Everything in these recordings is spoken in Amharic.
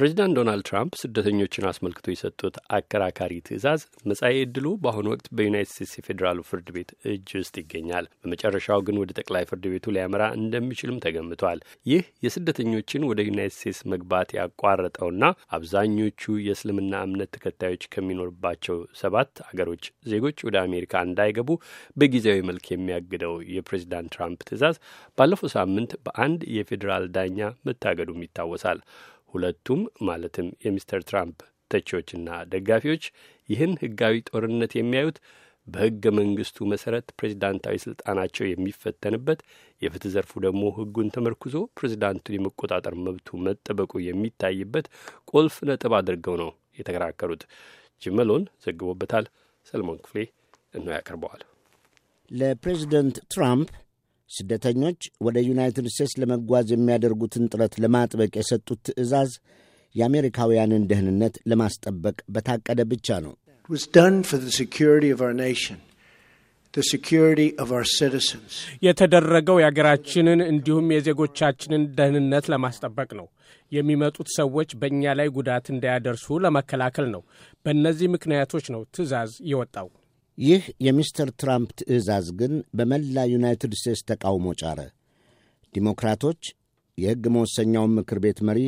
ፕሬዚዳንት ዶናልድ ትራምፕ ስደተኞችን አስመልክቶ የሰጡት አከራካሪ ትዕዛዝ መጻኤ ዕድሉ በአሁኑ ወቅት በዩናይት ስቴትስ የፌዴራሉ ፍርድ ቤት እጅ ውስጥ ይገኛል። በመጨረሻው ግን ወደ ጠቅላይ ፍርድ ቤቱ ሊያመራ እንደሚችልም ተገምቷል። ይህ የስደተኞችን ወደ ዩናይት ስቴትስ መግባት ያቋረጠውና አብዛኞቹ የእስልምና እምነት ተከታዮች ከሚኖርባቸው ሰባት አገሮች ዜጎች ወደ አሜሪካ እንዳይገቡ በጊዜያዊ መልክ የሚያግደው የፕሬዚዳንት ትራምፕ ትዕዛዝ ባለፈው ሳምንት በአንድ የፌዴራል ዳኛ መታገዱም ይታወሳል። ሁለቱም ማለትም የሚስተር ትራምፕ ተቺዎችና ደጋፊዎች ይህን ህጋዊ ጦርነት የሚያዩት በህገ መንግስቱ መሰረት ፕሬዚዳንታዊ ስልጣናቸው የሚፈተንበት የፍትህ ዘርፉ ደግሞ ህጉን ተመርኩዞ ፕሬዚዳንቱን የመቆጣጠር መብቱ መጠበቁ የሚታይበት ቁልፍ ነጥብ አድርገው ነው የተከራከሩት። ጅመሎን ዘግቦበታል። ሰለሞን ክፍሌ እነሆ ያቀርበዋል። ለፕሬዚደንት ትራምፕ ስደተኞች ወደ ዩናይትድ ስቴትስ ለመጓዝ የሚያደርጉትን ጥረት ለማጥበቅ የሰጡት ትዕዛዝ የአሜሪካውያንን ደህንነት ለማስጠበቅ በታቀደ ብቻ ነው። የተደረገው የአገራችንን እንዲሁም የዜጎቻችንን ደህንነት ለማስጠበቅ ነው። የሚመጡት ሰዎች በእኛ ላይ ጉዳት እንዳያደርሱ ለመከላከል ነው። በእነዚህ ምክንያቶች ነው ትዕዛዝ የወጣው። ይህ የሚስተር ትራምፕ ትዕዛዝ ግን በመላ ዩናይትድ ስቴትስ ተቃውሞ ጫረ። ዲሞክራቶች የሕግ መወሰኛውን ምክር ቤት መሪ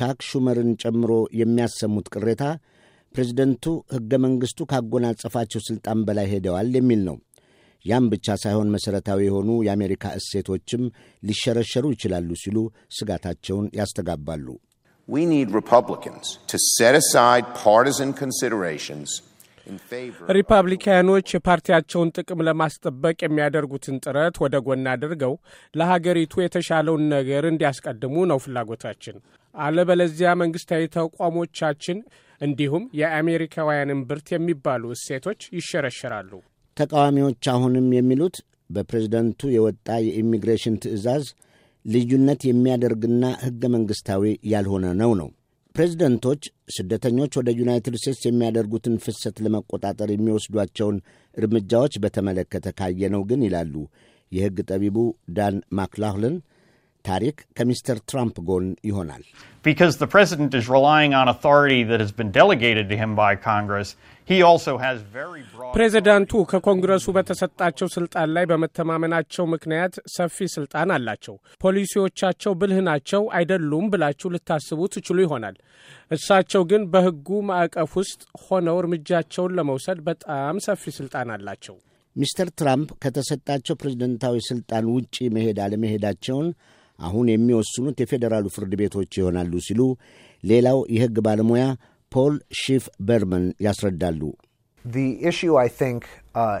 ቻክ ሹመርን ጨምሮ የሚያሰሙት ቅሬታ ፕሬዚደንቱ ሕገ መንግሥቱ ካጎናጸፋቸው ሥልጣን በላይ ሄደዋል የሚል ነው። ያም ብቻ ሳይሆን መሠረታዊ የሆኑ የአሜሪካ እሴቶችም ሊሸረሸሩ ይችላሉ ሲሉ ስጋታቸውን ያስተጋባሉ። We need Republicans to set aside partisan considerations ሪፐብሊካኖች የፓርቲያቸውን ጥቅም ለማስጠበቅ የሚያደርጉትን ጥረት ወደ ጎን አድርገው ለሀገሪቱ የተሻለውን ነገር እንዲያስቀድሙ ነው ፍላጎታችን። አለበለዚያ መንግስታዊ ተቋሞቻችን እንዲሁም የአሜሪካውያንን ብርት የሚባሉ እሴቶች ይሸረሸራሉ። ተቃዋሚዎች አሁንም የሚሉት በፕሬዝደንቱ የወጣ የኢሚግሬሽን ትዕዛዝ ልዩነት የሚያደርግና ሕገ መንግሥታዊ ያልሆነ ነው ነው ፕሬዚደንቶች ስደተኞች ወደ ዩናይትድ ስቴትስ የሚያደርጉትን ፍሰት ለመቆጣጠር የሚወስዷቸውን እርምጃዎች በተመለከተ ካየነው ግን ይላሉ የሕግ ጠቢቡ ዳን ማክላሁልን ታሪክ ከሚስተር ትራምፕ ጎን ይሆናል። ፕሬዚዳንቱ ከኮንግረሱ በተሰጣቸው ስልጣን ላይ በመተማመናቸው ምክንያት ሰፊ ስልጣን አላቸው። ፖሊሲዎቻቸው ብልህ ናቸው አይደሉም ብላችሁ ልታስቡ ትችሉ ይሆናል። እሳቸው ግን በሕጉ ማዕቀፍ ውስጥ ሆነው እርምጃቸውን ለመውሰድ በጣም ሰፊ ስልጣን አላቸው። ሚስተር ትራምፕ ከተሰጣቸው ፕሬዝደንታዊ ስልጣን ውጪ መሄድ አለመሄዳቸውን አሁን የሚወስኑት የፌዴራሉ ፍርድ ቤቶች ይሆናሉ ሲሉ ሌላው የሕግ ባለሙያ ፖል ሺፍ በርመን ያስረዳሉ። uh,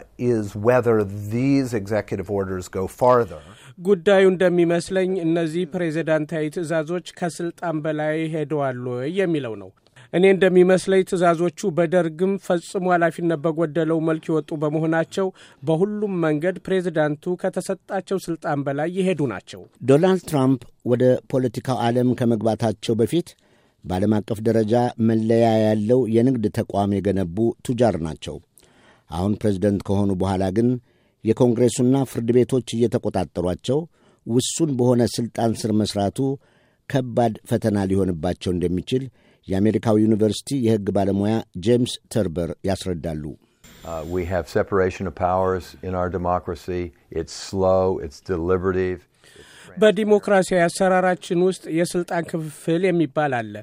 ጉዳዩ እንደሚመስለኝ እነዚህ ፕሬዚዳንታዊ ትዕዛዞች ከስልጣን በላይ ሄደዋል የሚለው ነው። እኔ እንደሚመስለኝ ትዕዛዞቹ በደርግም ፈጽሞ ኃላፊነት በጎደለው መልክ የወጡ በመሆናቸው በሁሉም መንገድ ፕሬዚዳንቱ ከተሰጣቸው ስልጣን በላይ የሄዱ ናቸው። ዶናልድ ትራምፕ ወደ ፖለቲካው ዓለም ከመግባታቸው በፊት በዓለም አቀፍ ደረጃ መለያ ያለው የንግድ ተቋም የገነቡ ቱጃር ናቸው። አሁን ፕሬዚደንት ከሆኑ በኋላ ግን የኮንግሬሱና ፍርድ ቤቶች እየተቆጣጠሯቸው ውሱን በሆነ ሥልጣን ስር መሥራቱ ከባድ ፈተና ሊሆንባቸው እንደሚችል የአሜሪካው ዩኒቨርሲቲ የሕግ ባለሙያ ጄምስ ተርበር ያስረዳሉ። uh, በዲሞክራሲያዊ አሰራራችን ውስጥ የስልጣን ክፍፍል የሚባል አለ።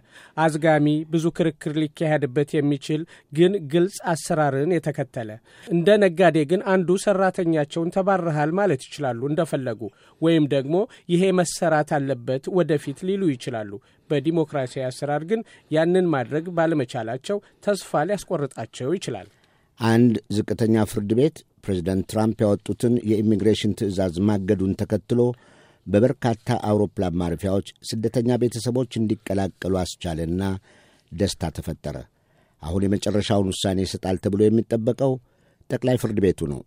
አዝጋሚ፣ ብዙ ክርክር ሊካሄድበት የሚችል ግን ግልጽ አሰራርን የተከተለ። እንደ ነጋዴ ግን አንዱ ሰራተኛቸውን ተባረሃል ማለት ይችላሉ እንደፈለጉ፣ ወይም ደግሞ ይሄ መሰራት አለበት ወደፊት ሊሉ ይችላሉ። በዲሞክራሲያዊ አሰራር ግን ያንን ማድረግ ባለመቻላቸው ተስፋ ሊያስቆርጣቸው ይችላል። አንድ ዝቅተኛ ፍርድ ቤት ፕሬዚደንት ትራምፕ ያወጡትን የኢሚግሬሽን ትዕዛዝ ማገዱን ተከትሎ በበርካታ አውሮፕላን ማረፊያዎች ስደተኛ ቤተሰቦች እንዲቀላቀሉ አስቻለና ደስታ ተፈጠረ። አሁን የመጨረሻውን ውሳኔ ይሰጣል ተብሎ የሚጠበቀው ጠቅላይ ፍርድ ቤቱ ነው።